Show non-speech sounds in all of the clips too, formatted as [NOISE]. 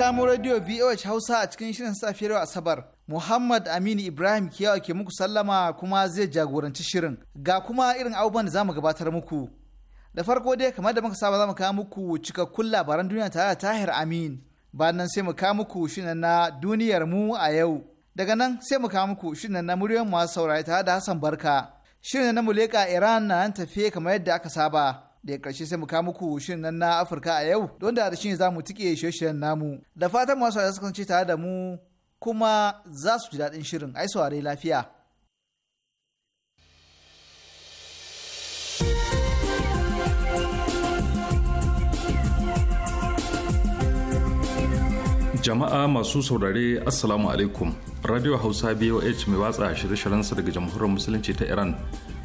kamo radio VOH Hausa a cikin shirin safiyar Asabar. Muhammad Aminu Ibrahim Kiyawa ke muku sallama kuma zai jagoranci shirin. Ga kuma irin abubuwan da zamu gabatar muku. Da farko dai kamar da muka saba zamu kawo muku cikakkun labaran duniya tare da Tahir Amin. Bayan nan sai mu kawo muku shirin na duniyar mu a yau. Daga nan sai mu kawo muku shirin na muryoyin masu saurayi tare da Hassan Barka. Shirin na muleka Iran na nan tafiye kamar yadda aka saba. da ya karshe sai mu kawo muku shirin nan na Afirka a yau don da shi za mu tike shirye namu da fatan masu da suka kasance tare da mu kuma za su ji daɗin shirin ai saurare lafiya. Jama'a masu saurare Assalamu alaikum Radio Hausa BOH mai watsa shirye-shiryensa daga Jamhuriyar Musulunci ta Iran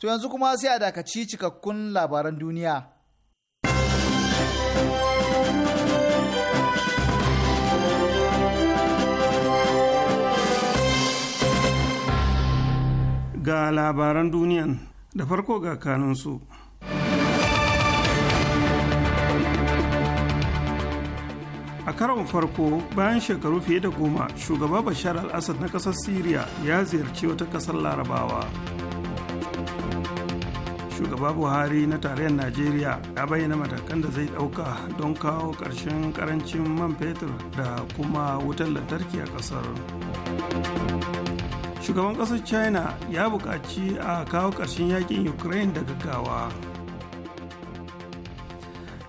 To yanzu kuma sai a dakaci cikakkun labaran duniya. Ga labaran duniyan da farko ga kanunsu. a karon farko bayan shekaru fiye da goma shugaba bashar al-assad na ƙasar siriya ya ziyarci wata ƙasar larabawa shugaba buhari na tarayyar najeriya ya bayyana matakan da zai ɗauka don kawo ƙarshen ƙarancin man fetur da kuma wutar lantarki a ƙasar shugaban ƙasar china ya buƙaci a kawo ƙarshen yakin ukraine da gaggawa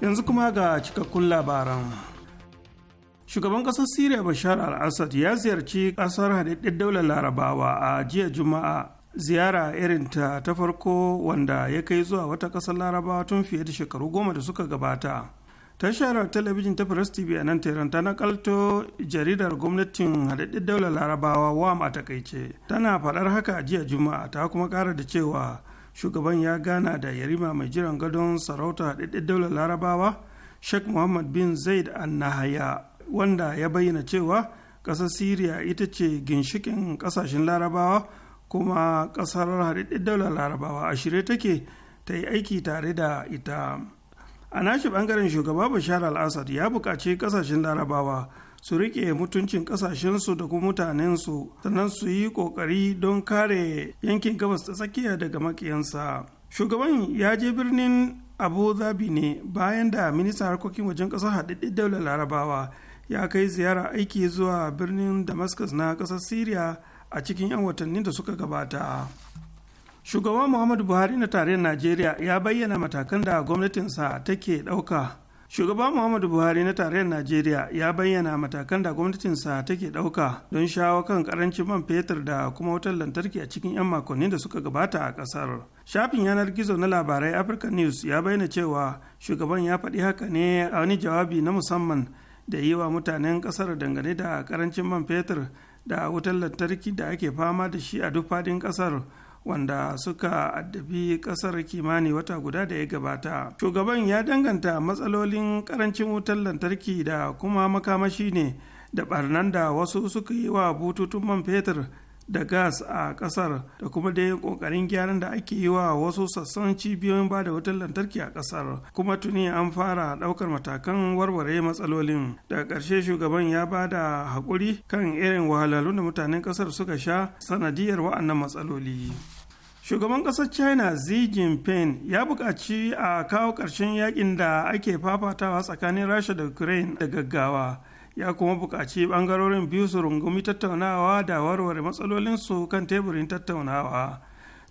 yanzu kuma ga cikakkun labaran shugaban ƙasar syria bashar al-assad ya ziyarci ƙasar haɗaɗɗen daular larabawa a jiya juma'a ziyara irin ta ta farko wanda ya kai zuwa wata ƙasar larabawa tun fiye da shekaru goma da suka gabata tashar talabijin ta press tv a nan tehran ta nakalto jaridar gwamnatin haɗaɗɗen daular larabawa wam a takaice tana faɗar haka a jiya juma'a ta kuma ƙara da cewa shugaban ya gana da yarima mai jiran gadon sarauta haɗaɗɗen daular larabawa sheikh muhammad bin zaid an nahaya wanda ya bayyana cewa ƙasar syria ita ce ginshikin ƙasashen larabawa kuma ƙasar haɗaɗɗen daular larabawa a shirye take ta yi aiki tare da ita a nashi ɓangaren shugaba bashar al-assad ya buƙaci ƙasashen larabawa su riƙe mutuncin ƙasashensu da kuma mutanensu sannan su yi ƙoƙari don kare yankin gabas ta tsakiya daga maƙiyansa shugaban ya je birnin abu zabi ne bayan da ministan harkokin wajen ƙasar haɗaɗɗen daular larabawa ya kai ziyara aiki zuwa birnin damascus na ƙasar syria a cikin 'yan watannin da suka gabata shugaban muhammadu buhari na tarayyar najeriya ya bayyana matakan da gwamnatinsa take ɗauka shugaba muhammadu buhari na tarayyar najeriya ya bayyana matakan da gwamnatinsa take ɗauka don shawo kan karancin man fetur da kuma wutar lantarki a cikin 'yan makonni da suka gabata a ƙasar shafin yanar gizo na labarai africa news ya bayyana cewa shugaban ya faɗi haka ne a wani jawabi na musamman da yi wa mutanen ƙasar dangane da karancin man fetur da wutar lantarki da ake fama da shi a duk fadin ƙasar wanda suka addabi kasar kimani wata guda da ya gabata shugaban ya danganta matsalolin karancin wutar lantarki da kuma makamashi ne da barnan da wasu suka yi wa bututun man fetur da gas a kasar da kuma da yin kokarin gyaran da ake yi wa wasu sassan cibiyoyin ba da wutar lantarki a kasar kuma tuni an fara daukar matakan warware matsalolin daga ƙarshe shugaban ya ba da haƙuri kan irin wahalhalun da mutanen kasar suka sha sanadiyar wa'annan matsaloli shugaban ƙasar china xi jinping ya buƙaci a kawo ƙarshen yaƙin da ake fafatawa tsakanin rasha da ukraine da gaggawa ya kuma buƙaci bangarorin biyu su rungumi tattaunawa da warware matsalolinsu kan teburin tattaunawa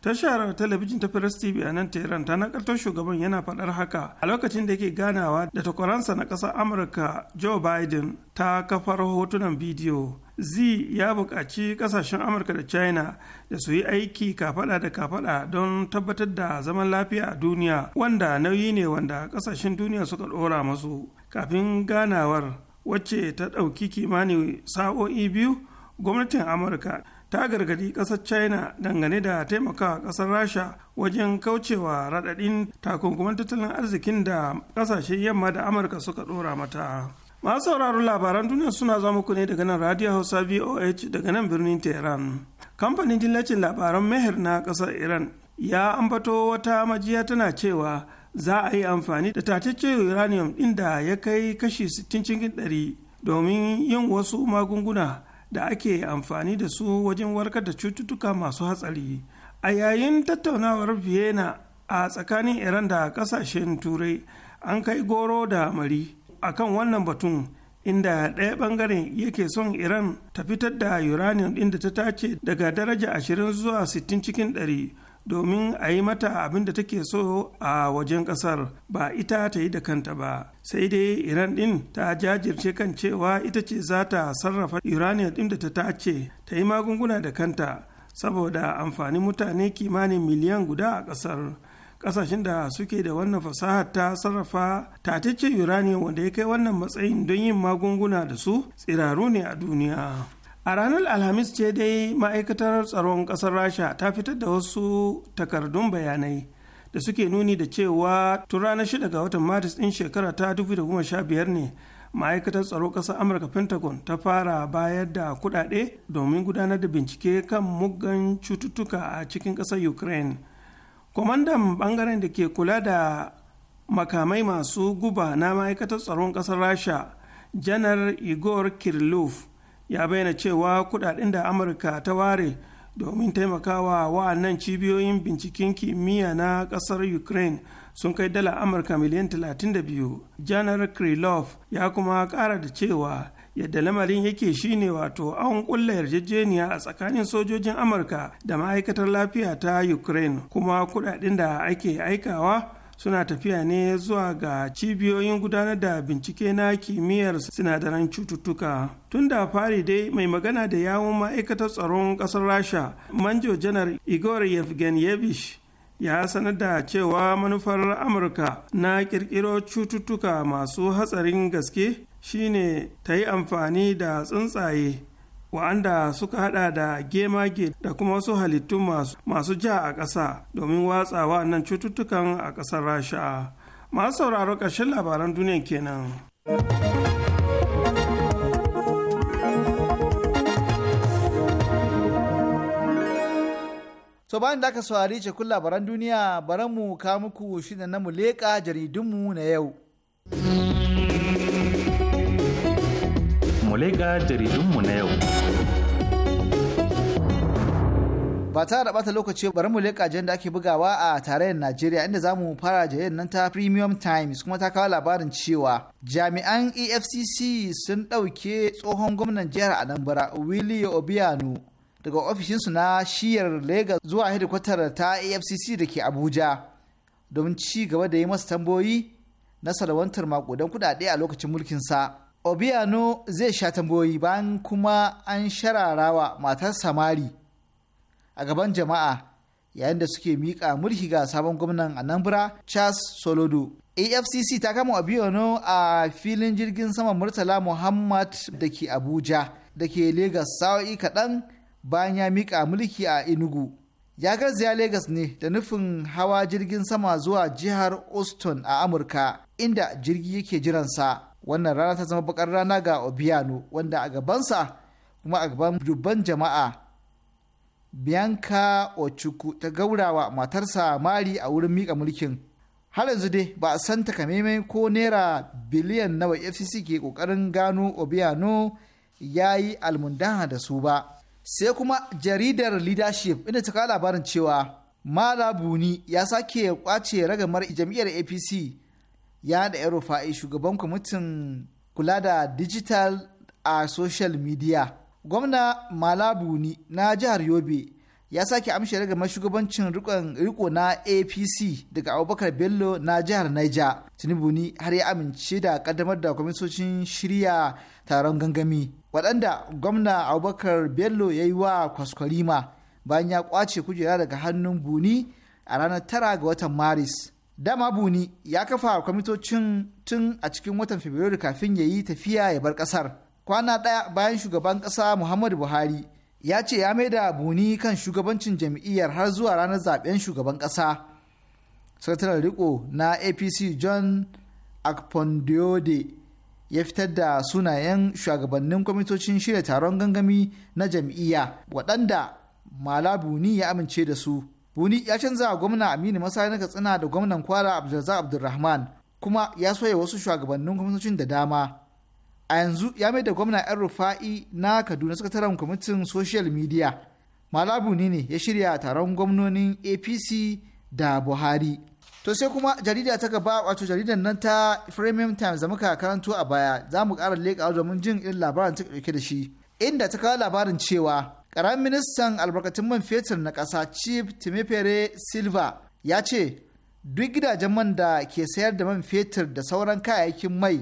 tashar talabijin ta firas tv a nan teran ta nakartar shugaban yana faɗar haka a lokacin da yake ganawa da takwaransa na ƙasar amurka joe biden ta kafar hotunan bidiyo z ya buƙaci ƙasashen amurka da china da su yi aiki kafaɗa da kafaɗa don tabbatar da zaman lafiya a duniya wanda nauyi ne wanda ƙasashen duniya suka ɗora masu kafin ganawar wacce ta ɗauki kimanin sa'o'i biyu gwamnatin amurka ta gargadi ƙasar china dangane da taimakawa ƙasar rasha wajen kaucewa raɗaɗin takunkuman tattalin arzikin da ƙasashen yamma da amurka suka ɗora mata masu sauraron labaran duniya suna zo muku ne daga nan radio hausa voh daga nan birnin tehran kamfanin dillacin labaran mehir na ƙasar iran ya ambato wata majiya tana cewa za a yi amfani da tatacce uranium ɗin da ya kai kashi 60 cikin 100 domin yin wasu magunguna da ake amfani da su wajen warkar da cututtuka masu hatsari a yayin tattaunawar vienna a tsakanin iran da kasashen turai an kai goro da mari akan wannan batun inda ɗaya ɓangaren yake son iran ta fitar da uranium ɗin da ta tace daga daraja 20 zuwa 60 cikin domin a yi mata abin da take so a wajen ƙasar ba ita ta yi da kanta ba sai dai iran ɗin ta jajirce kan cewa ita ce za ta sarrafa uranium ɗin da ta tace ta yi magunguna da kanta saboda amfanin mutane kimanin miliyan guda a ƙasar ƙasashen da suke da wannan fasahar ta sarrafa ta ce uranium wanda ya kai wannan matsayin don yin magunguna da su tsiraru ne a duniya. a ranar alhamis ce dai ma'aikatar tsaron ƙasar rasha ta fitar da wasu takardun bayanai da suke nuni da cewa tun ranar shida ga watan maris ɗin shekara ta 2015 ne ma'aikatar tsaro ƙasar amurka pentagon ta fara bayar da kuɗaɗe domin gudanar da bincike kan muggan cututtuka a cikin ƙasar ukraine kwamandan ɓangaren da ke kula da makamai masu guba na ma'aikatar tsaron ƙasar rasha janar igor kirillov ya bayyana cewa kudaden da amurka ta ware domin taimakawa wa'annan cibiyoyin binciken kimiyya na kasar ukraine sun kai dala amurka miliyan 32 janar krylov ya kuma kara da cewa yadda lamarin yake shine wato an kulla yarjejeniya a tsakanin sojojin amurka da ma'aikatar lafiya ta ukraine kuma kudaden da ake aikawa suna tafiya ne zuwa ga cibiyoyin gudanar da bincike na kimiyyar sinadaran cututtuka tun da fari dai mai magana da yawon ma'aikatar tsaron ƙasar rasha manjo janar igor yevgenyevich ya sanar da cewa manufar amurka na kirkiro cututtuka masu hatsarin gaske shine ta yi amfani da tsuntsaye wa'anda suka hada da gemage da kuma wasu halittu masu ja a ƙasa domin watsa wa'annan cututtukan a ƙasar rasha masu sauraro ƙarshen labaran duniya kenan so bayan da aka saurari cikin labaran duniya bari mu kawo muku shi na mu leƙa jaridunmu na yau mu ga jaridunmu na yau. ba ta da bata lokaci bari mu leƙa da ake bugawa a tarayyar Najeriya inda zamu mu fara jaridar nan ta Premium Times kuma ta kawo labarin cewa jami'an EFCC sun ɗauke tsohon gwamnan jihar Anambra Willie Obiano daga ofishinsu na shiyar Lagos zuwa hedikwatar ta EFCC da ke Abuja domin ci gaba da yi masa tambayoyi na salwantar makudan kuɗaɗe a lokacin mulkinsa. obiano zai sha tambayoyi bayan kuma an sharara wa matar samari a gaban jama'a yayin da suke miƙa mulki ga sabon gwamnan anambra charles solodo afcc ta kama obiano a filin jirgin saman murtala muhammad da ke abuja da ke Legas sa'o'i kaɗan bayan ya miƙa mulki a enugu ya garzaya Legas ne da nufin hawa jirgin sama zuwa jihar austin a amurka inda jirgi yake jiransa wannan rana ta zama bakar rana ga obiano wanda a gabansa kuma a gaban dubban jama'a bianca ochuku ta gaurawa matarsa mari a wurin mika mulkin har yanzu dai ba a san takamaiman ko naira biliyan nawa fcc ke kokarin gano obiano ya yi almundaha da su ba sai kuma jaridar leadership inda ta kawo labarin cewa malabuni ya sake kwace ragamar jam'iyyar apc ya da rufa'i shugaban kwamitin kula da digital a social media gwamna malabuni na jihar yobe ya sake amshi daga shugabancin riko na apc daga abubakar bello na jihar naija tinubu ni har ya amince da kaddamar da kwamitocin shirya taron gangami waɗanda gwamna abubakar bello ya yi wa kwaskwarima bayan ya kwace kujera daga hannun buni a ranar tara ga watan maris dama buni ya kafa kwamitocin tun a cikin watan fabrairu kafin ya yi tafiya ya bar kasar kwana ɗaya bayan shugaban ƙasa muhammadu buhari ya ce ya da buni kan shugabancin jam'iyyar har zuwa ranar zaben shugaban ƙasa sakataren riko na apc john akpondiode ya fitar da sunayen shugabannin kwamitocin shirya taron gangami na jam'iyya waɗanda mala buni ya amince da su Buni ya canza gwamna Aminu Masa na Katsina da gwamnan Kwara Abdulrazak Abdulrahman kuma ya soya wasu shugabannin gwamnatocin da dama. A yanzu ya mai da gwamna 'yan rufa'i na Kaduna sakataren kwamitin social media. Malabu ne ne ya shirya taron gwamnonin APC da Buhari. To sai kuma jarida ta gaba wato jaridar nan ta Premium Times da muka karanto a baya za mu ƙara leƙa domin jin irin labarin ta da shi. Inda ta kawo labarin cewa Ƙaramin ministan albarkatun man fetur na ƙasa Chief Timifere Silva ya ce, duk gidajen man da ke sayar da man fetur da sauran kayayyakin mai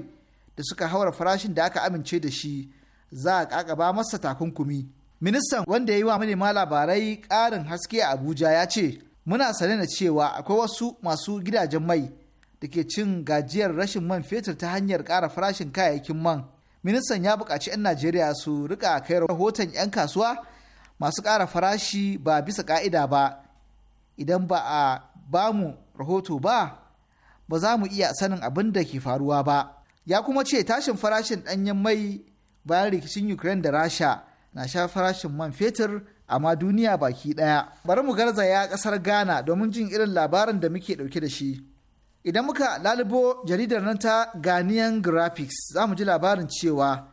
da suka haura farashin da aka amince da shi za a ƙaƙaba masa takunkumi. Ministan wanda ya yi wa manema labarai ƙarin haske a Abuja ya ce, Muna sane na cewa akwai wasu masu gidajen mai da ke cin gajiyar rashin man fetur ta hanyar ƙara farashin kayayyakin man. Ministan ya buƙaci 'yan Najeriya su rika kai rahoton 'yan kasuwa masu ƙara farashi ba bisa ƙa'ida ba idan ba a bamu rahoto ba ba za mu iya sanin abin da ke faruwa ba ya kuma ce tashin farashin ɗanyen mai bayan rikicin ukraine da rasha na sha farashin man fetur amma duniya baki ɗaya bari mu garzaya ƙasar ghana domin jin irin labarin da muke ɗauke da shi idan muka lalubo jaridar nan ta ghanaian graphics za mu ji labarin cewa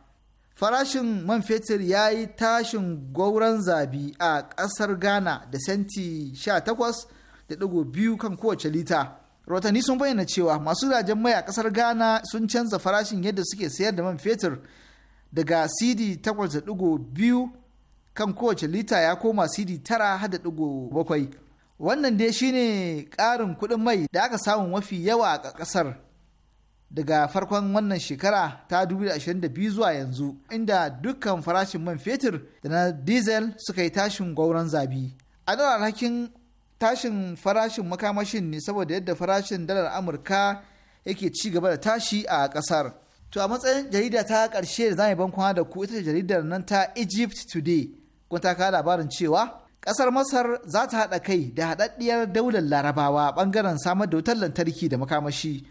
farashin man fetur ya yi tashin gwauron zabi a ƙasar ghana da senti 18.2 kan kowace lita rotani sun bayyana cewa masu rajen mai a ƙasar ghana sun canza farashin yadda suke sayar da man fetur daga cd 8.2 kan kowace lita ya koma cd 9.7 wannan dai shine ƙarin kuɗin mai da aka samu mafi yawa a ƙasar daga farkon wannan shekara ta 2022 zuwa yanzu inda dukkan farashin man fetur da na diesel suka yi tashin gwauron zabi. A nan alhakin tashin farashin makamashin ne saboda yadda farashin dalar Amurka yake ci gaba da tashi a kasar. To a matsayin jarida ta karshe da zai ban kwana da ku ita jaridar nan ta Egypt Today. Kun ta kawo labarin cewa ƙasar Masar za ta haɗa kai da haɗaɗɗiyar daular Larabawa ɓangaren samar da wutar lantarki da makamashi.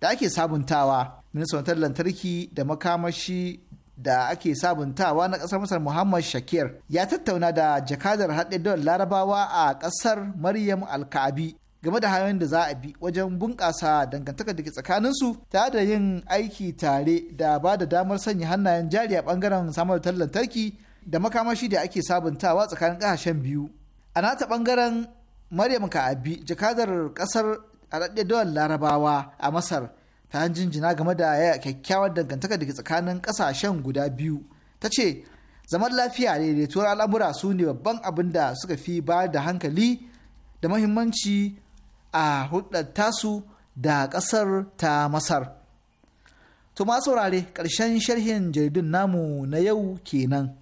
da ake sabuntawa ministan lantarki da makamashi da ake sabuntawa na ƙasar masar muhammad shakir ya tattauna da jakadar haɗe larabawa a ƙasar maryam alkabi game da hanyoyin da za a bi wajen bunƙasa dangantakar da ke tsakaninsu ta da yin aiki tare da ba da damar sanya hannayen jari a ɓangaren samar da lantarki da makamashi da ake sabuntawa tsakanin ƙasashen biyu a nata ɓangaren maryam ka'abi jakadar ƙasar a daɗe don larabawa a masar ta jinjina game da kyakkyawar dangantaka da tsakanin ƙasashen guda biyu ta ce zaman lafiya da daidaituwar al'amura su ne babban abin da suka fi ba da hankali da mahimmanci a hulɗar tasu da ƙasar ta masar to ma saurare ƙarshen sharhin jaridun namu na yau kenan.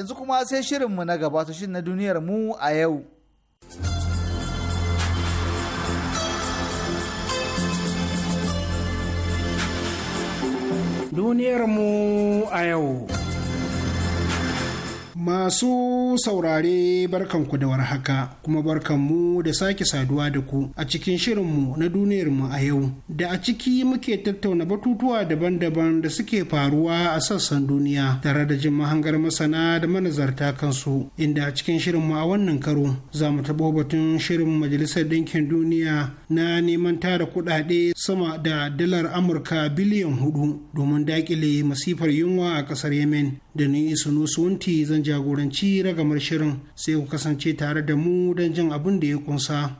yanzu kuma sai shirin mu na gaba ta shirin na duniyar mu a yau. Duniyar mu a yau. Masu saurare barkanku da warhaka kuma barkanmu da sake saduwa da ku a cikin shirin mu na duniyar mu a yau da a ciki muke tattauna batutuwa daban-daban da suke faruwa a sassan duniya tare da jin mahangar masana da manazarta kansu inda a cikin mu a wannan karo za mu taɓo batun shirin majalisar ɗinkin duniya na neman tara kuɗaɗe sama da dalar Amurka biliyan hudu domin daƙile masifar yunwa a ƙasar Yemen da ni isanu suwanti zan jagoranci ragamar shirin sai ku kasance tare da mu don jin abin da ya kunsa.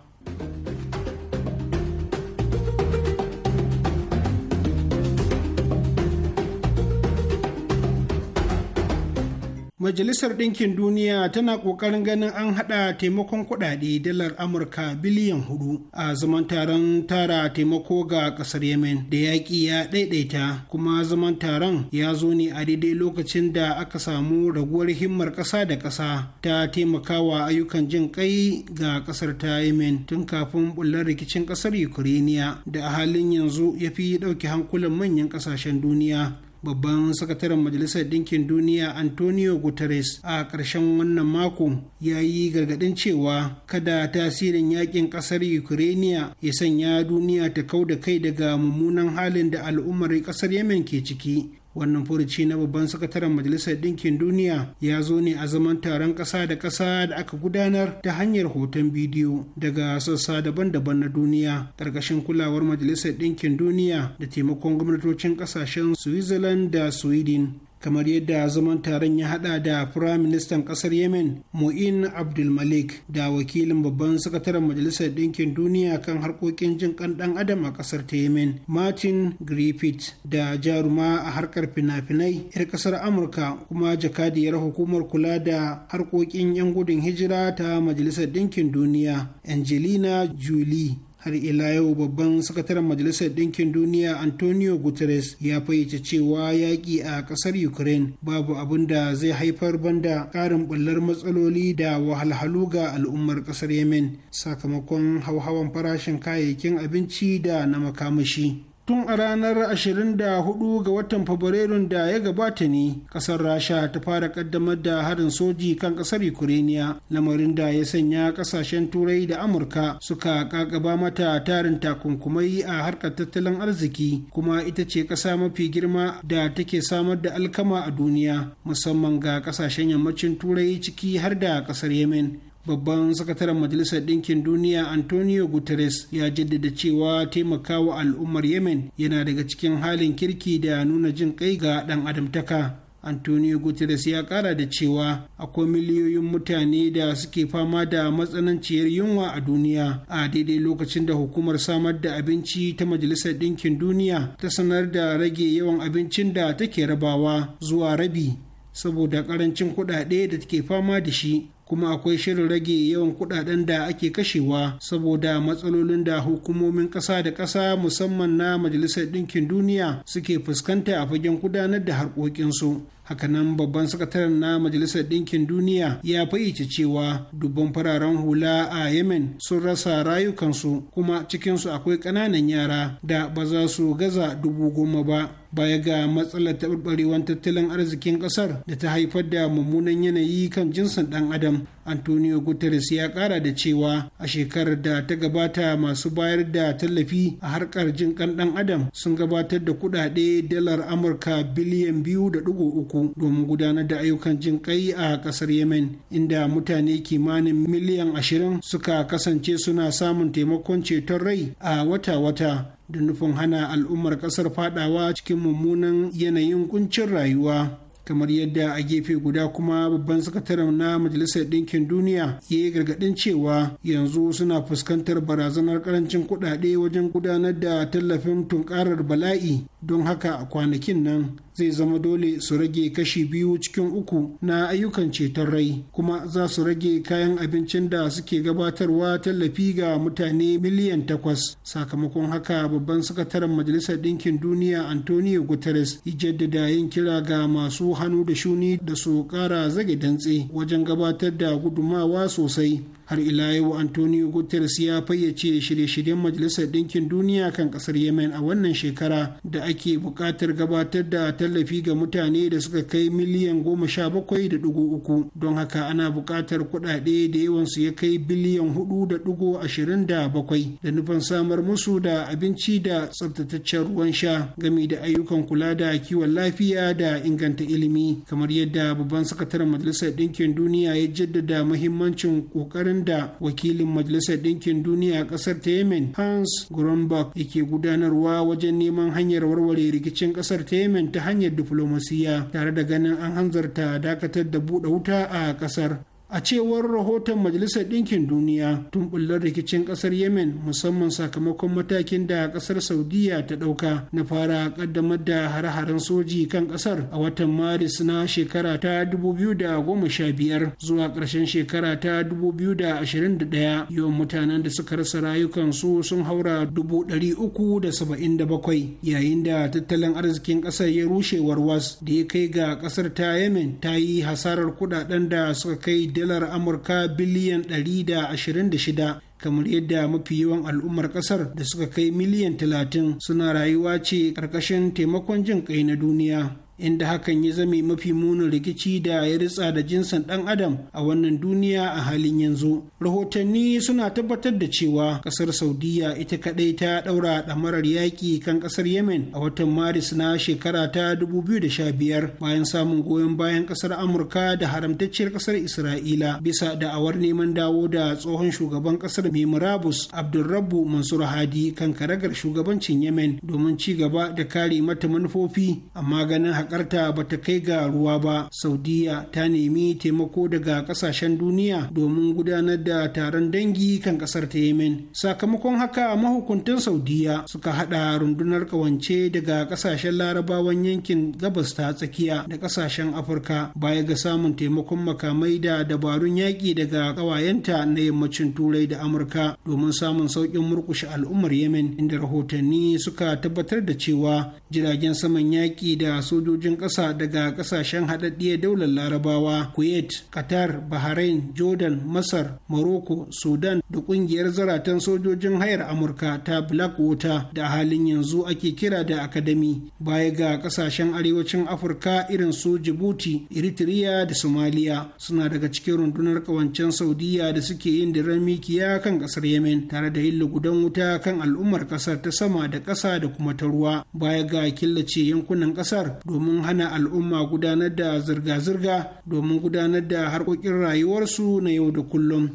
Majalisar Ɗinkin Duniya tana ƙoƙarin ganin an haɗa taimakon kuɗaɗe dalar Amurka biliyan hudu a zaman taron tara taimako ga ƙasar Yemen da yaƙi ya ɗaiɗaita kuma zaman taron ya zo ne a daidai lokacin da aka samu raguwar himmar ƙasa da ƙasa ta taimakawa ayyukan jin ƙai ga ƙasar ta Yemen tun kafin bullar rikicin ƙasar Ukrainiya da a halin yanzu ya fi ɗauke hankulan manyan ƙasashen duniya. babban sakataren majalisar ɗinkin duniya antonio guterres a ƙarshen wannan mako ya yi gargaɗin cewa kada tasirin yakin ƙasar ukraine ya sanya duniya ta kau da kai daga mummunan halin da al'ummar ƙasar yemen ke ciki wannan furuci na babban sakataren majalisar ɗinkin duniya ya zo ne a zaman taron ƙasa da ƙasa da aka gudanar ta hanyar hoton bidiyo daga sassa daban-daban na duniya ƙarƙashin kulawar majalisar ɗinkin duniya da taimakon gwamnatocin ƙasashen switzerland da sweden kamar yadda zaman taron ya hada da firayim ministan kasar yemen mu'in abdulmalik da wakilin babban sakataren majalisar ɗinkin duniya kan harkokin jin kan ɗan adam a kasar ta yemen martin griffith da jaruma a harkar fina-finai 'yar kasar amurka kuma jakadiyar hukumar kula da harkokin 'yan gudun hijira ta majalisar ɗinkin duniya angelina jolie har ila yau babban sakataren majalisar ɗinkin duniya antonio guterres ya fayyace cewa yaƙi a ƙasar ukraine babu abin da zai haifar banda ƙarin ɓullar matsaloli da wahalhalu ga al'ummar ƙasar yemen sakamakon hauhawan farashin kayayyakin abinci da na makamashi tun a ranar 24 ga watan fabrairun da ya gabata ne kasar rasha ta fara kaddamar da harin soji kan kasar ukraniya lamarin da ya sanya kasashen turai da amurka suka kakaba mata tarin takunkumai a harkar tattalin arziki kuma ita ce kasa mafi girma da take samar da alkama a duniya musamman ga kasashen yammacin turai ciki har da kasar yemen babban sakataren majalisar ɗinkin duniya antonio guterres ya jaddada cewa taimakawa al'ummar yemen yana daga cikin halin kirki da nuna jin kai ga ɗan adamtaka antonio guterres ya ƙara da cewa akwai miliyoyin mutane da suke fama da matsananciyar yunwa a duniya a daidai lokacin da hukumar samar da abinci ta majalisar ɗinkin duniya ta sanar da rage yawan abincin da take rabawa zuwa rabi saboda karancin kuɗaɗe da take fama da shi kuma akwai shirin rage yawan kudaden da ake kashewa saboda matsalolin da hukumomin kasa da kasa musamman na majalisar ɗinkin duniya suke fuskanta a fagen gudanar da harkokinsu hakanan babban sakataren na majalisar ɗinkin duniya ya fayyace cewa dubban fararen hula a yemen sun rasa rayukansu kuma cikinsu akwai ƙananan yara da ba za su gaza dubu goma ba baya ga matsalar taɓarɓarewar tattalin arzikin ƙasar da ta haifar da mummunan yanayi kan jinsin ɗan adam antonio guterres ya kara da cewa a shekarar da ta gabata masu bayar da tallafi a harkar jin kan dan adam sun gabatar da kudade dalar amurka biliyan biyu da dugu uku domin gudanar da ayyukan jin kai a kasar yemen inda mutane kimanin miliyan ashirin suka kasance suna samun taimakon ceton rai a wata-wata da nufin hana al'ummar kasar fadawa cikin mummunan yanayin kuncin rayuwa kamar yadda a gefe guda kuma babban sakataren na majalisar ɗinkin duniya ya yi gargaɗin cewa yanzu suna fuskantar barazanar karancin kuɗaɗe wajen gudanar da tallafin tunkarar bala'i don haka a kwanakin nan zai zama dole su rage kashi biyu cikin uku na ayyukan ceton rai kuma za su rage kayan abincin da suke gabatarwa tallafi ga mutane miliyan takwas sakamakon haka babban sakataren majalisar ɗinkin duniya antonio guterres ya jaddada yin kira ga masu hannu da shuni da su ƙara zage dantse wajen gabatar da gudumawa sosai har ila yau antonio guterres ya fayyace shirye-shiryen majalisar ɗinkin duniya kan ƙasar yemen a wannan shekara da ake buƙatar gabatar da tallafi ga mutane da suka kai miliyan goma sha bakwai da ɗigo uku don haka ana buƙatar kuɗaɗe da yawansu ya kai biliyan hudu da ɗigo ashirin da bakwai da nufin samar musu da abinci da tsabtataccen ruwan sha gami da ayyukan kula da kiwon lafiya da inganta ilimi kamar yadda babban sakataren majalisar ɗinkin duniya ya jaddada muhimmancin ƙoƙarin da wakilin majalisar ɗinkin duniya a ƙasar ta yemen hans grunberg yake gudanarwa wajen neman hanyar warware rikicin ƙasar ta yemen ta hanyar diflomasiya tare da ganin an hanzarta dakatar da buɗe wuta a ƙasar a cewar rahoton majalisar ɗinkin duniya tun bullar rikicin ƙasar yemen musamman sakamakon matakin da ƙasar saudiya ta ɗauka na fara ƙaddamar da hare-haren soji kan ƙasar a watan maris na shekara ta 2015 zuwa ƙarshen shekara ta 2021 yawan mutanen da suka rasa rayukansu sun haura 377 yayin da tattalin arzikin ƙasar ya rushe warwas da ya kai ga ƙasar ta yemen ta yi hasarar kuɗaɗen da suka kai dalar amurka biliyan 126 kamar yadda mafi yawan al'ummar kasar da suka kai miliyan 30 suna rayuwa ce ƙarƙashin taimakon jin ƙai na duniya inda hakan ya zame mafi munin rikici da ya ritsa da jinsin ɗan adam a wannan duniya a halin yanzu rahotanni suna tabbatar da cewa ƙasar saudiya ita kaɗai ta ɗaura ɗamarar yaƙi kan ƙasar yemen a watan maris na shekara ta 2015 bayan samun goyon bayan ƙasar amurka da haramtacciyar ƙasar isra'ila bisa da'awar neman dawo da tsohon shugaban ƙasar mai murabus abdulrabu mansur hadi kan karagar shugabancin yemen domin ci gaba da kare mata manufofi amma ganin alakarta ba ta kai ga ruwa ba saudiya ta nemi taimako daga ƙasashen duniya domin gudanar da taron dangi kan ƙasar ta yemen sakamakon haka mahukuntan saudiya suka haɗa rundunar ƙawance daga ƙasashen larabawan yankin gabas ta tsakiya da ƙasashen afirka baya ga samun taimakon makamai da dabarun yaƙi daga ƙawayenta na yammacin turai da amurka domin samun sauƙin murƙushe al'ummar yemen inda rahotanni suka tabbatar da cewa jiragen saman yaƙi da sojoji sojojin ƙasa daga ƙasashen haɗaɗɗiyar daular larabawa kuwait qatar bahrain jordan masar morocco sudan da ƙungiyar zaratan sojojin hayar amurka ta blackwater da halin yanzu ake kira da academy baya ga ƙasashen arewacin afirka irin su djibouti eritrea da somalia suna daga cikin rundunar ƙawancen saudiya da suke yin diran mikiya kan ƙasar yemen tare da yin lugudan wuta kan al'ummar ƙasar ta sama da ƙasa da kuma ta ruwa baya ga killace yankunan ƙasar domin domin hana al'umma gudanar da zirga-zirga domin gudanar da harkokin rayuwarsu na yau da kullum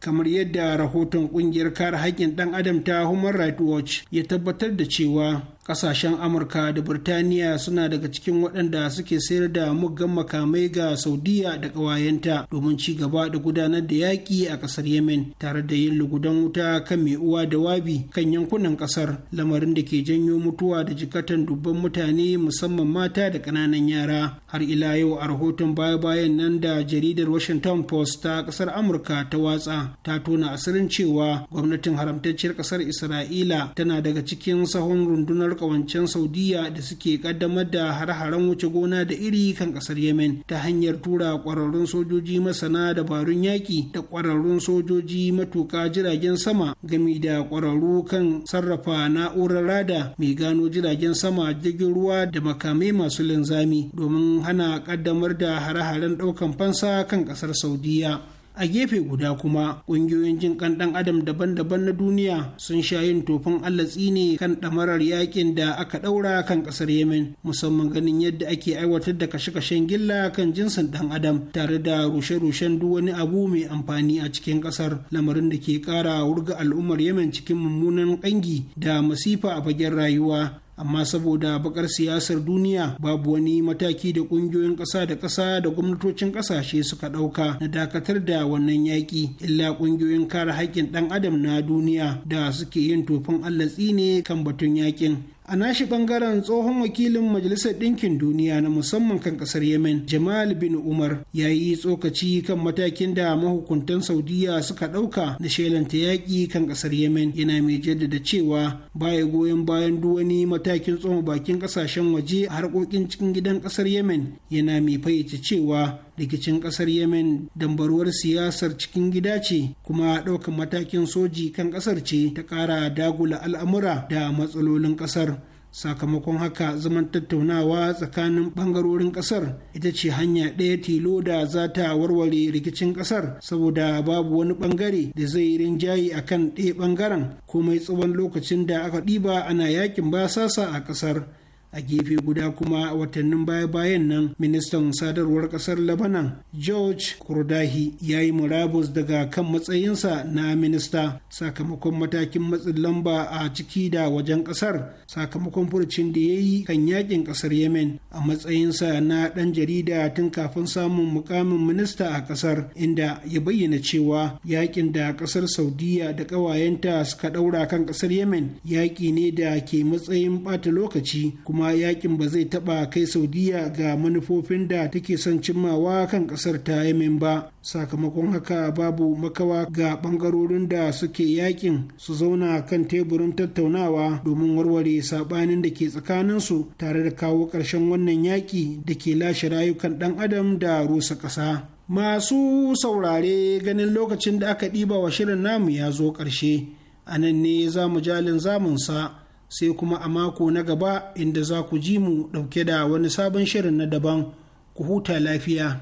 kamar yadda rahoton kungiyar kare haƙƙin ɗan adam ta human rights watch ya tabbatar da cewa kasashen amurka da birtaniya suna daga cikin waɗanda suke sayar da muggan makamai ga saudiya da ƙawayenta domin ci gaba da gudanar da yaƙi a ƙasar yemen tare da yin lugudan wuta kan mai uwa da wabi kan yankunan ƙasar lamarin da ke janyo mutuwa da jikatan dubban mutane musamman mata da ƙananan yara har ila yau a rahoton baya-bayan nan da jaridar washington post ta ƙasar amurka ta watsa ta tona asirin cewa gwamnatin haramtacciyar ƙasar isra'ila tana daga cikin sahun rundunar rundunar kawancen saudiya da suke kaddamar da har-haren wuce gona da iri kan kasar yemen ta hanyar tura kwararrun sojoji masana dabarun yaƙi da kwararrun sojoji matuƙa jiragen sama gami da kwararru kan sarrafa na'urar rada mai gano jiragen sama jirgin ruwa da makamai masu linzami domin hana kaddamar da hare-haren ɗaukan fansa kan kasar saudiya a gefe guda kuma ƙungiyoyin jin kan ɗan adam daban-daban na duniya sun sha yin tofin allatsi ne kan ɗamarar yakin da aka ɗaura kan ƙasar yemen musamman ganin yadda ake aiwatar da kashe-kashen gilla kan jinsin ɗan adam tare da rushe-rushen duk wani abu mai amfani a cikin ƙasar lamarin da ke ƙara wurga al'ummar yemen cikin mummunan ƙangi da masifa a fagen rayuwa amma saboda bakar siyasar duniya babu wani mataki da kungiyoyin kasa da kasa da gwamnatocin kasashe suka ɗauka na dakatar da wannan yaki illa kungiyoyin kare haƙƙin ɗan adam na duniya da suke yin tofin allatsi ne kan batun yakin. a nashi bangaren tsohon wakilin majalisar ɗinkin duniya na musamman kan ƙasar yemen jamal bin umar ya yi tsokaci kan matakin da mahukuntan saudiya suka ɗauka na shelanta yaƙi kan ƙasar yemen yana mai jaddada cewa baya goyon bayan duwani matakin tsoma bakin ƙasashen waje a harkokin cikin gidan ƙasar yemen yana mai fayyace cewa rikicin kasar yemen dambaruwar siyasar cikin gida ce kuma ɗaukan matakin soji kan kasar ce ta ƙara dagula al'amura da matsalolin kasar sakamakon haka zaman tattaunawa tsakanin bangarorin ƙasar ita ce hanya ɗaya tilo da za ta warware rikicin ƙasar saboda babu wani ɓangare da zai rinjaye a kan ɗaya bangaren komai tsawon lokacin da aka ɗiba ana yakin basasa a ƙasar. a gefe guda kuma watannin baya-bayan nan ministan sadarwar kasar labanan george kurdahi ya yi murabus daga kan matsayinsa na minista sakamakon matakin matsin lamba a ciki da wajen kasar sakamakon furcin da ya yi kan yakin kasar yemen a matsayinsa na dan jarida tun kafin samun mukamin minista a kasar inda ya bayyana cewa yakin da kasar saudiya da kawayenta suka daura kan kasar yemen yaki ne da ke matsayin bata lokaci kuma kuma yakin ba zai taba kai saudiya ga manufofin da take son cimmawa kan kasar ta yemen ba sakamakon haka babu makawa ga bangarorin da suke yakin su zauna kan teburin tattaunawa domin warware sabanin da ke tsakaninsu tare da kawo ƙarshen wannan yaki da ke lashe rayukan ɗan adam da rusa ƙasa masu saurare ganin lokacin da aka ɗiba wa shirin namu ya zo ƙarshe anan ne za mu jalin zamunsa sai kuma a mako na gaba inda za ku ji mu ɗauke da wani sabon shirin na daban ku huta lafiya.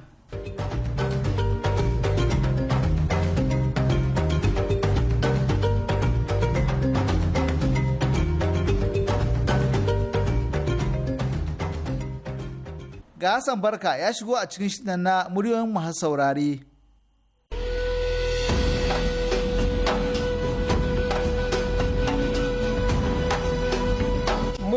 ga Hassan Barka ya shigo a cikin shirin na muryoyin masu saurare.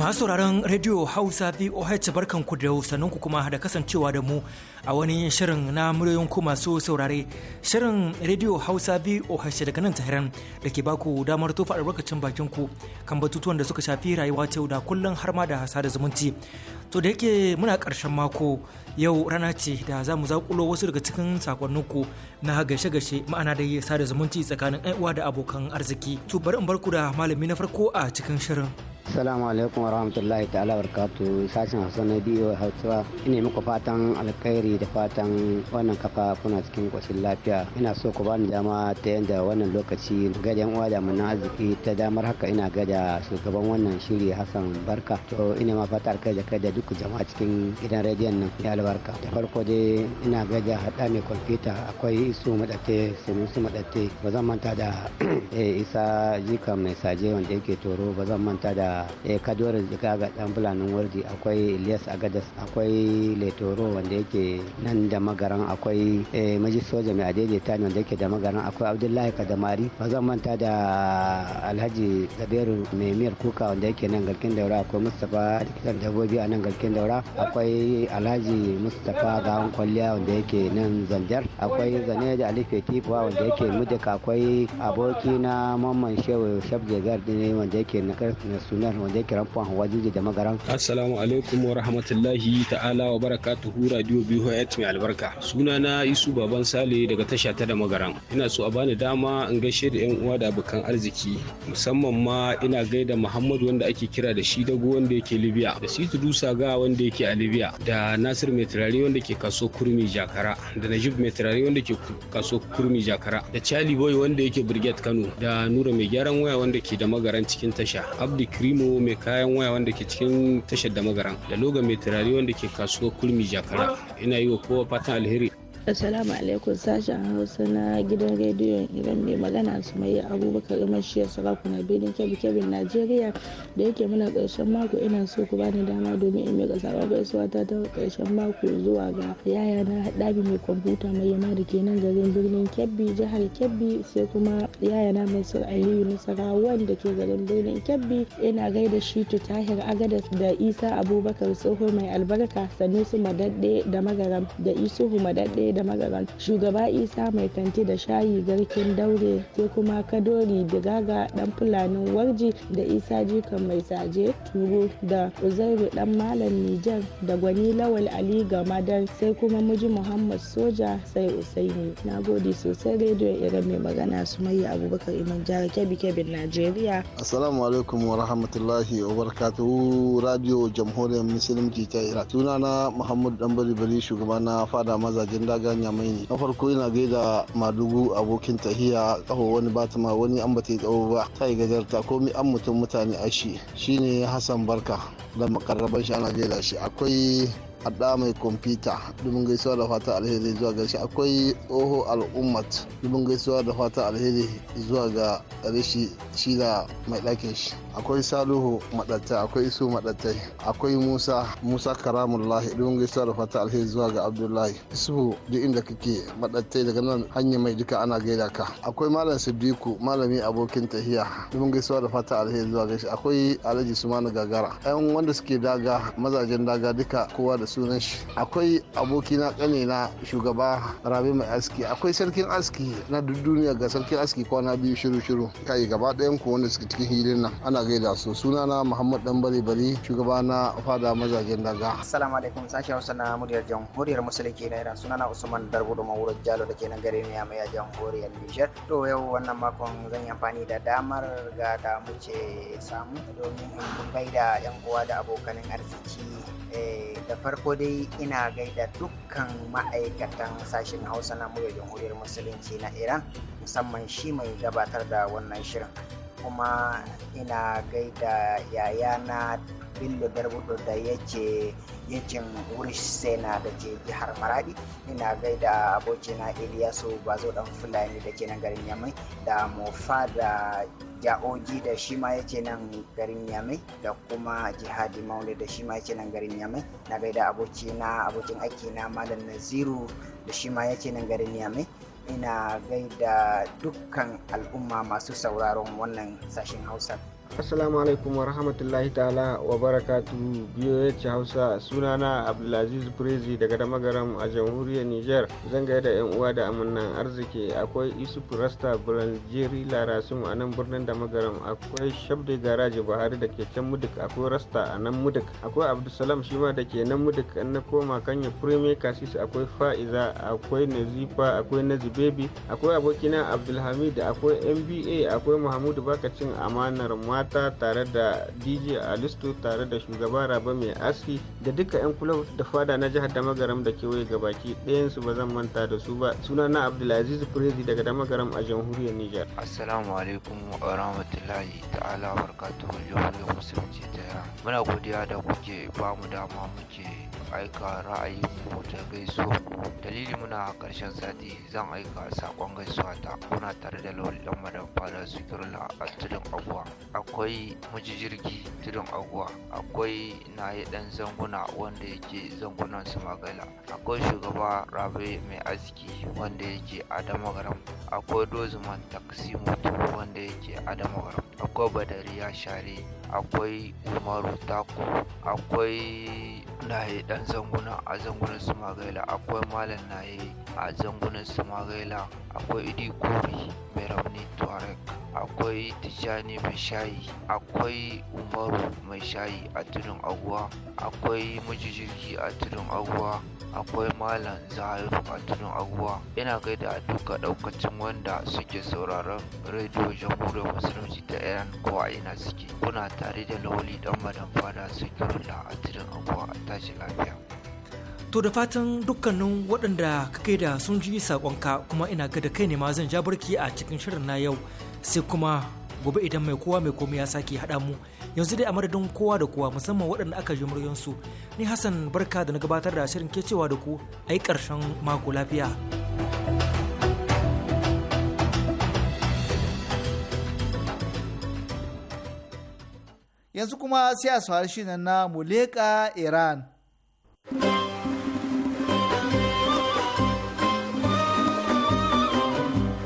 Masu sauraron Radio Hausa VOH ku da sannan ku kuma da kasancewa da mu a wani shirin na muryoyin ku masu saurare. Shirin Radio Hausa VOH daga nan Tahiran da ke baku damar tofa albarkacin bakin ku kan batutuwan da suka shafi rayuwa ta da kullum har ma da hasa zumunci. To da yake muna karshen mako yau rana ce da za mu zakulo wasu daga cikin ku na gashe-gashe ma'ana da sada zumunci tsakanin uwa da abokan arziki. To bari in barku da malami na farko a cikin shirin. Salamu alaikum warahmatullahi ta'ala barkatu sashen Hausa na biyu Hausa ina muku fatan alkhairi da fatan wannan kafa kuna cikin koshin lafiya ina so ku bani dama ta yanda wannan lokaci gada yan uwa da mun arziki ta damar haka ina gada shugaban wannan shiri Hassan Barka to ina ma fata alkhairi da kai da duk jama'a cikin gidan rediyon nan ya albarka da farko dai ina gada hada mai kwamfuta akwai isu madate su madate ba zan manta da [CLEARS THROAT] eh, isa jika mai saje wanda yake toro ba zan manta da daga eh, kadore jigaga dan fulanin wardi akwai ilyas agadas akwai letoro wanda yake nan da magaran akwai eh, maji soja mai ta ne wanda yake da magaran akwai abdullahi kadamari ba zan manta da alhaji kabiru mai miyar kuka wanda yake nan garkin daura akwai mustapha likitan dabbobi a nan garkin daura akwai alhaji mustapha gawan kwalliya wanda yake nan zanjar akwai zane da alife tifuwa wanda yake mudaka akwai aboki na mamman shehu shabjegar ne wanda yake na suna jihar wanda yake ramfon hawa jiji da magaran assalamu alaikum wa rahmatullahi ta'ala wa barakatuhu radio biyu hayat mai albarka suna na isu baban sale daga tasha ta da magaran ina so a bani dama in gaishe da yan uwa da abokan arziki musamman ma ina gaida muhammad wanda ake kira da shi dago wanda yake libya da situ dusa ga wanda yake a libya da nasir mai turare wanda ke kaso kurmi jakara da najib mai turare wanda ke kaso kurmi jakara da charlie boy wanda yake brigade kano da nura mai gyaran waya wanda ke da magaran cikin tasha abdi Rino mai kayan waya wanda ke cikin tashar da magaran da loga mai turare wanda ke kasuwar Kurmi Jakara. Ina yi wa kowa fatan alheri Assalamu alaikum sashen Hausa na gidan rediyon Iran mai magana su mai Abubakar Imashiya Sarakuna birnin Kebbi Kebbi Najeriya da yake muna ƙarshen mako ina so ku bani dama domin in miƙa sabon gaisuwa ta ta ƙarshen mako zuwa ga yaya na haɗabi mai kwamfuta mai yama da ke nan garin birnin Kebbi jihar Kebbi sai kuma yaya na mai sir Aliyu Nasarawan wanda ke garin birnin Kebbi ina gaida shi Tahir Agadas da Isa Abubakar Tsoho mai albarka sanusu Madadde da Magaram da Isuhu Madadde da shugaba isa mai kanti da shayi garkin daure sai kuma kadori digaga dan fulanin warji da isa jikan mai saje turo da uzairu dan malam nijar da gwani lawal ali gamadan sai kuma muji muhammad soja sai usaini na gode sosai rediyon iran mai magana su mai abubakar iman jihar kebbi kebin najeriya assalamu alaikum wa rahmatullahi wa barakatuhu radio jamhuriyar musulunci ta iraq sunana muhammad dan bari shugaba na fada mazajen daga ga nyamai ne na farko ina gaida madugu abokin tahiya kaho wani ba ta ma wani an ba ta yi tsawo ba ta yi gajarta komi an mutum mutane a shine hassan barka da makarraban shi ana gaida shi akwai adda mai kwamfuta dubin gaisuwa da fata alheri zuwa ga shi akwai oho al'ummat dubin gaisuwa da fata alheri zuwa ga rishi shida mai ɗakin shi akwai saluhu madatta akwai isu madattai akwai musa musa karamullahi dubin gaisuwa da fata alheri zuwa ga abdullahi isu duk inda kake madattai daga nan hanya mai duka ana gaida ka akwai malam sidiku malami abokin tahiya dubin gaisuwa da fata alheri zuwa ga shi akwai alhaji sumanu gagara yan wanda suke daga mazajen daga duka kowa da sunan shi akwai abokina na shugaba rabi mai aski akwai sarkin aski na duniya ga sarkin aski kwana biyu shiru shiru kai gaba ɗayan ku wanda suke cikin hilin nan ana gaida su Suna na muhammad dan bari bari shugaba na fada mazajen daga assalamu alaikum sashi hausa na muryar jamhuriyar musulunci naira suna na usman darbudu da jalo da ke nan ni a mai jamhuriyar nijar to yau wannan makon zan yi amfani da damar ga da muke samu domin in gaida yan uwa da abokanin arziki Eh, da farko dai ina gaida dukkan ma'aikatan sashen hausa na murya jamhuriyar musulunci na iran musamman shi mai gabatar da wannan shirin kuma ina gaida na bello darbudu da yake yankin wurish sena da ke jihar maradi ina gaida abokina iliyasu bazo dan fulani da ke nan garin yamai da mofa da oji da shi ma yake nan garin yamai da kuma jihadi maulid da shi ma yake nan garin yamai na gaida aboki na abokin aiki na malam naziru da shi ma yake nan garin yamai ina gaida dukkan al'umma masu sauraron wannan sashen hausa Assalamu alaikum wa rahmatullahi ta'ala wa barakatu biyo ya Hausa sunana Abdulaziz brezi daga damagaram a jamhuriyar niger zan da 'yan uwa da amannan arziki akwai Isu Rasta jeri Larasimu a nan birnin damagaram akwai Shabda Garaji Buhari da ke can Muduk akwai Rasta a nan Muduk akwai Abdulsalam shima da ke nan Muduk an na koma Kanya Premier Kasisi akwai Fa'iza akwai Nazifa akwai Nazibebi akwai abokina Abdulhamid akwai NBA akwai Muhammadu Bakacin amanar ma mata tare da dj alisto tare da shugaba raba mai aski da duka 'yan kulob da fada na jihar damagaram da kewaye gabaki ɗayansu ba zan manta da su ba suna na abdulaziz prezi daga damagaram a jamhuriyar niger assalamu alaikum wa rahmatullahi ta'ala wa barakatuhu jamhuriyar musulunci ta muna godiya da kuke ba mu dama muke aika ra'ayi da gaisuwa dalili muna a ƙarshen sati zan aika saƙon gaisuwa ta kuna tare da lawal dan madan fada a tudun aguwa akwai muji jirgi tudun aguwa akwai yi dan zanguna wanda yake zangunan su magala akwai shugaba rabe mai aski wanda yake adama garam akwai dozuman taksi moto wanda yake adama garam akwai badari share akwai umaru taku akwai naye dan zanguna a zangunan su akwai malam naye a zangunan su akwai idi kori mai rauni tuareg akwai tijjani mai shayi akwai umaru mai shayi a tudun aguwa akwai majijirgi a tudun aguwa akwai malam zaharu a tudun aguwa ina gaida duka daukacin wanda suke sauraron rediyo jamhuriyar musulunci ta iran ko a ina suke kuna tare da lawali dan madan fada sikirula a tudun aguwa a tashi lafiya To da fatan dukkanin waɗanda kake da sun ji saƙonka kuma ina ga da kai ne ma zan ja barki a cikin shirin na yau sai kuma gobe idan mai kowa mai komai ya sake haɗa mu yanzu dai a madadin kowa da kowa musamman waɗanda aka ji muryansu ni hassan barka da na gabatar da shirin ke cewa da ku a yi ƙarshen mako lafiya yanzu kuma sai a saurari shi na muleka iran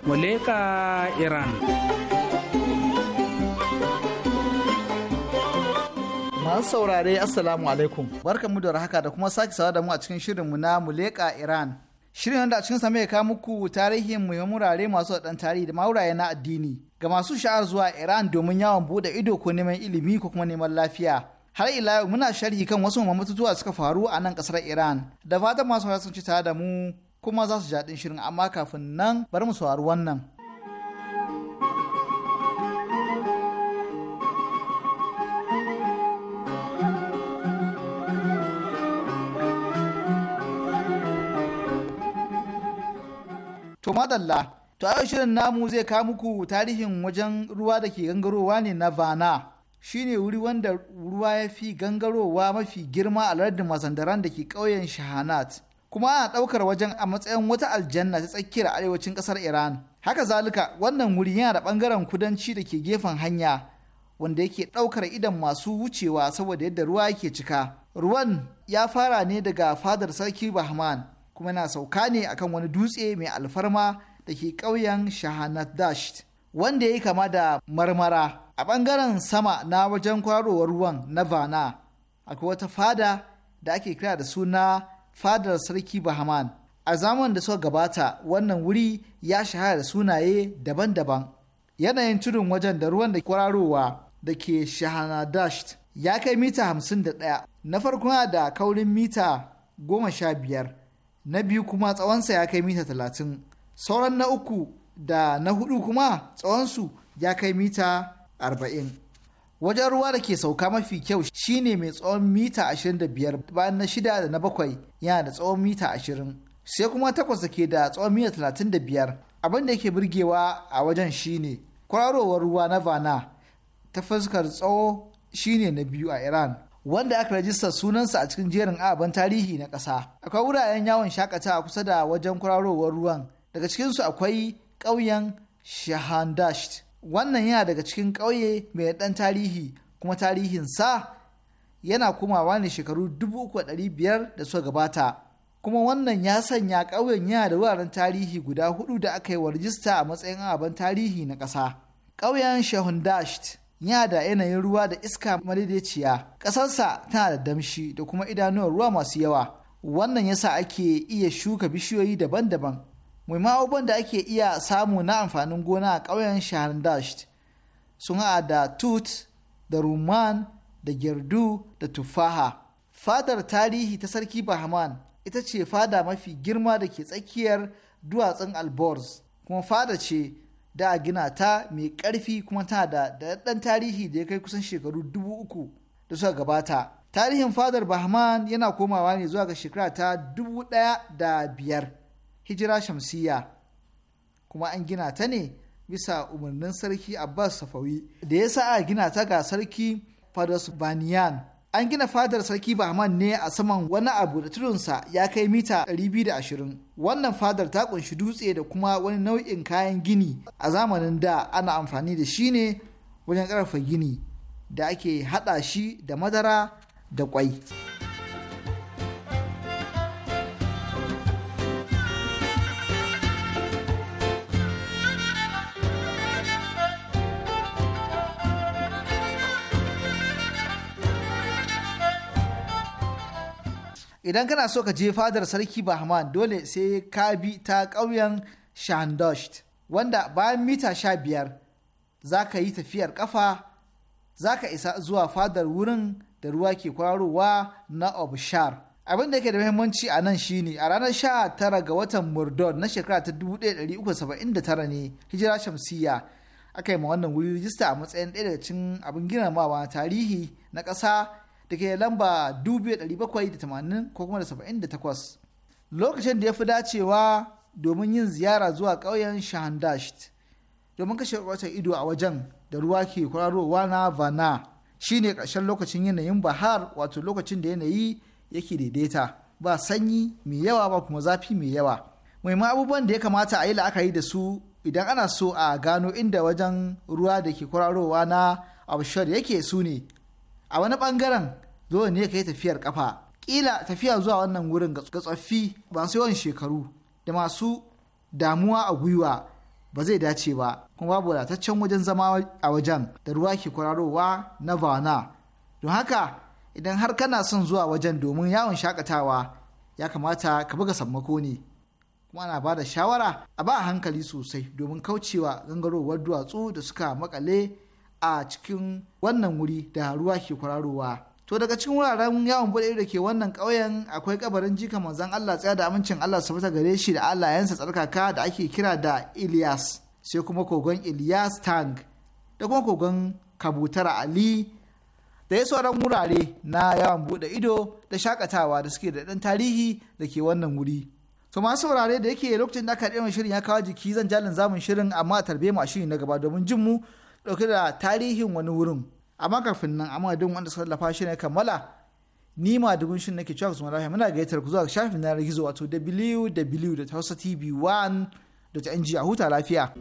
Muleka Iran. Masu saurare Assalamu alaikum. Barkanmu da haka da kuma sake sawa da mu a cikin mu na Muleka Iran. Shirin wanda a cikin sa mai muku tarihin muhimman wurare masu dan tarihi da mawuraye na addini ga masu sha'ar zuwa Iran domin yawon bude ido ko neman ilimi ko kuma neman lafiya. Har ila yau muna sharhi kan wasu mamatutuwa suka faru a nan kasar Iran. Da fatan masu sun ci tare da mu kuma za su jaɗin shirin amma kafin nan bari mu saurari wannan. To madalla, to ayo shirin namu zai kawo muku tarihin wajen ruwa da ke gangarowa ne na Vana. Shi ne wuri wanda ruwa ya fi gangarowa mafi girma a lardin Mazandaran da ke ƙauyen Shahanat. kuma ana ɗaukar wajen a matsayin wata aljanna ta tsakiyar arewacin ƙasar iran haka zalika wannan wuri yana da ɓangaren kudanci da ke gefen hanya wanda yake ɗaukar idan masu wucewa saboda yadda ruwa yake cika ruwan ya fara ne daga fadar sarki bahman kuma yana sauka ne akan wani dutse mai alfarma da ke ƙauyen shahanadash wanda ya yi kama da marmara a ɓangaren sama na wajen kwarowar ruwan na vana akwai wata fada da ake kira da suna fadar sarki Bahaman. A zaman da suka gabata wannan wuri ya shahara da sunaye daban-daban. Yanayin tudun wajen da ruwan da kwararowa da ke Shahanadash ya kai mita hamsin da ɗaya. Na farko da kaurin mita goma sha biyar, na biyu kuma tsawonsa ya kai mita talatin. Sauran na uku da na hudu kuma tsawonsu ya kai mita arba'in. wajen ruwa da ke sauka mafi kyau shine mai tsawon mita 25 bayan na shida da na bakwai yana da tsawon mita 20 sai kuma takwas da ke da tsawon mita 35 abin yake birgewa a wajen shine kwararowar ruwa na vana ta fuskar tsawo shine na biyu a iran wanda aka rajista sunansa a cikin jerin ababen tarihi na ƙasa akwai wuraren yawon shakatawa kusa da wajen kwararowar ruwan daga cikinsu akwai ƙauyen shahandasht wannan yana daga cikin ƙauye mai ɗan tarihi kuma tarihinsa yana komawa ne shekaru dubu 3,500 da suka gabata kuma wannan ya sanya ƙauyen yana da wuraren tarihi guda hudu da aka yi wa rajista a matsayin ababen tarihi na ƙasa ƙauyen shahundasht yana da yanayin ruwa da iska madaidaiciya ƙasarsa tana da damshi da kuma idanuwar ruwa masu yawa wannan yasa ake iya shuka bishiyoyi daban-daban muhimman abubuwan da ake iya samu na amfanin gona a ƙauyen shahandasht sun haɗa da tut da rumman da gerdu da tufaha fadar tarihi ta sarki bahman ita ce fada mafi girma da ke tsakiyar duwatsun alborz kuma fada ce da a gina ta mai ƙarfi kuma ta da daɗaɗɗen tarihi da ya kai kusan shekaru dubu uku da suka gabata tarihin fadar bahman yana komawa ne zuwa ga shekara ta dubu ɗaya da biyar hijira shamsiyya kuma an gina ta ne bisa umarnin sarki abbas safawi da ya sa a gina ta ga sarki fadus baniyan an gina fadar sarki bahman ne a saman wani abu da tudunsa ya kai mita 220 wannan fadar ta kunshi dutse da kuma wani nau'in kayan gini a zamanin da ana amfani da shi ne wajen ƙarfa gini da ake hada shi da madara da kwai. idan kana so ka je fadar sarki bahman dole sai ka bi ta ƙauyen Shandosht wanda bayan mita sha biyar za ka yi tafiyar kafa za ka isa zuwa fadar wurin da ruwa ke kwarowa na obshar abin da yake da muhimmanci a nan shine a ranar sha ga watan mordor na shekara ta 1379 ne hijira shamsiyya aka yi ma wannan wuri rijista a matsayin ɗaya daga cikin abin girmamawa tarihi na ƙasa da ke lamba 2,780 ko kuma da 78 lokacin da ya fi dacewa domin yin ziyara zuwa ƙauyen shahandasht domin kashe wata ido a wajen da ruwa ke kwararowa na vana ne ƙarshen lokacin yanayin bahar wato lokacin da yanayi yake daidaita ba sanyi mai yawa ba kuma zafi mai yawa muhimman abubuwan da ya kamata a yi la'akari da su idan ana so a gano inda wajen ruwa da ke kwararowa na abshar yake su ne a wani bangaren dole ne ka yi tafiyar kafa kila tafiya zuwa wannan wurin ga tsoffi su yawan shekaru da masu damuwa a gwiwa ba zai dace ba kuma babu wadataccen wajen zama a wajen da ruwa ke kwararowa na vana don haka idan har kana son zuwa wajen domin yawon shakatawa ya kamata ka buga sammako ne kuma ana ba da shawara a ba hankali sosai domin kaucewa gangarowar duwatsu da suka makale a cikin wannan wuri da ruwa ke kwararowa to daga cikin wuraren yawon bude ido da ke wannan ƙauyen akwai kabarin jika manzon Allah tsaya da amincin Allah su fita gare shi da Allah yansa tsarkaka da ake kira da Ilyas sai kuma kogon Ilyas Tang da kuma kogon Kabutara Ali da ya sauran wurare na yawon bude ido da shakatawa da suke da ɗan tarihi da ke wannan wuri. To masu saurare da yake lokacin da aka ɗaya shirin ya kawo jiki zan jalin zamun shirin amma tarbe mu a shiri na gaba domin jin mu ɗauke da tarihin wani wurin amma kafin nan amma duk wanda suka lafa shi ne kammala ni ma dubun shi nake cewa kuma lafiya muna gayyatar ku zuwa shafin na gizo wato www.hausatv1.ng a huta lafiya.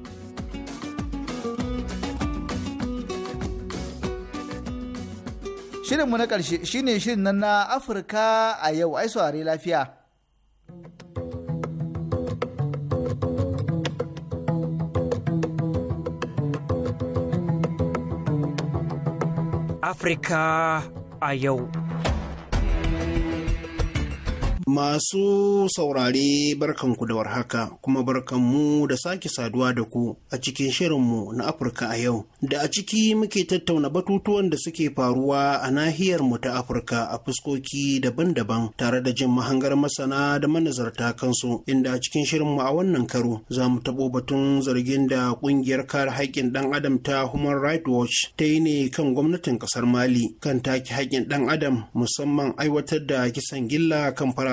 Shirinmu na ƙarshe shine shirin nan na Afirka a yau ai saurare lafiya. Africa, a Masu saurare barkan ku da warhaka kuma barkan mu da sake saduwa da ku a cikin shirinmu na Afirka a yau. Da a ciki muke tattauna batutuwan da suke faruwa a nahiyar mu ta Afirka a fuskoki daban-daban tare da jin mahangar masana da manazarta kansu inda a cikin shirinmu a wannan karo za mu taɓo batun zargin da ƙungiyar kare haƙƙin ɗan adam ta Human Rights Watch ta yi ne kan gwamnatin ƙasar Mali kan take haƙƙin ɗan adam musamman aiwatar da kisan gilla kan fara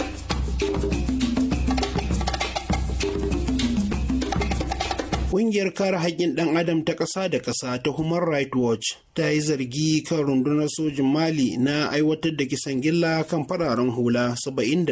Ƙungiyar kare haƙƙin ɗan adam ta ƙasa da ƙasa ta Human Rights Watch ta yi zargi kan rundunar sojin Mali na aiwatar da kisan gilla kan fararen hula 71